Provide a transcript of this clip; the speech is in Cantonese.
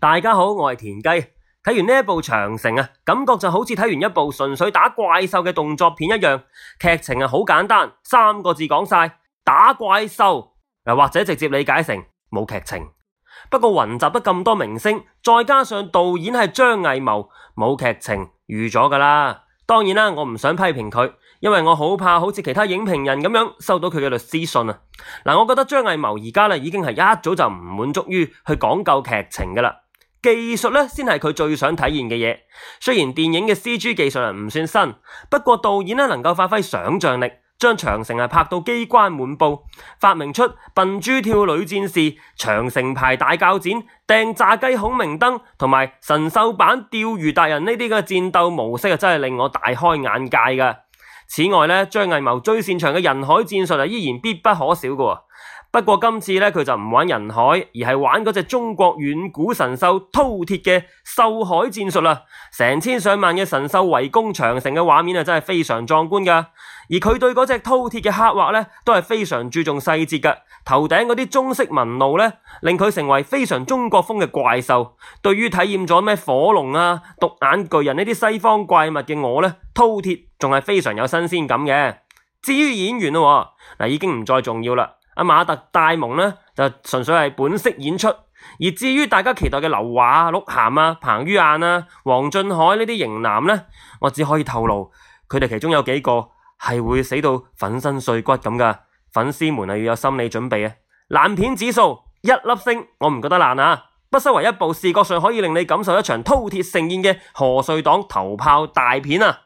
大家好，我係田雞。睇完呢部長城感覺就好似睇完一部純粹打怪獸嘅動作片一樣。劇情啊，好簡單，三個字講晒打怪獸，或者直接理解成冇劇情。不過雲集得咁多明星，再加上導演係張藝謀，冇劇情預咗噶啦。當然啦，我唔想批評佢，因為我好怕好似其他影評人咁樣收到佢嘅律師信啊。嗱，我覺得張藝謀而家已經係一早就唔滿足於去講究劇情噶啦。技術咧，先係佢最想體驗嘅嘢。雖然電影嘅 CG 技術唔算新，不過導演能夠發揮想象力，將長城拍到機關滿布，發明出笨豬跳女戰士、長城牌大鉸剪、掟炸雞孔明燈同埋神獸版釣魚達人呢啲嘅戰鬥模式，真係令我大開眼界嘅。此外咧，張藝謀最擅長嘅人海戰術啊，依然必不可少嘅。不過今次呢，佢就唔玩人海，而係玩嗰隻中國遠古神獸饕餮嘅獸海戰術啦。成千上萬嘅神獸圍攻長城嘅畫面啊，真係非常壯觀噶。而佢對嗰隻饕餮嘅刻畫呢，都係非常注重細節噶。頭頂嗰啲中式紋路呢，令佢成為非常中國風嘅怪獸。對於體驗咗咩火龍啊、獨眼巨人呢啲西方怪物嘅我呢，饕餮仲係非常有新鮮感嘅。至於演員啦，嗱已經唔再重要啦。阿馬特戴蒙呢，就純粹係本色演出，而至於大家期待嘅劉華、鹿晗啊、彭于晏啊、王俊凱呢啲型男呢，我只可以透露，佢哋其中有幾個係會死到粉身碎骨咁噶，粉絲們啊要有心理準備啊！爛片指數一粒星，我唔覺得爛啊，不失為一部視覺上可以令你感受一場饕餮盛宴嘅賀歲檔頭炮大片啊！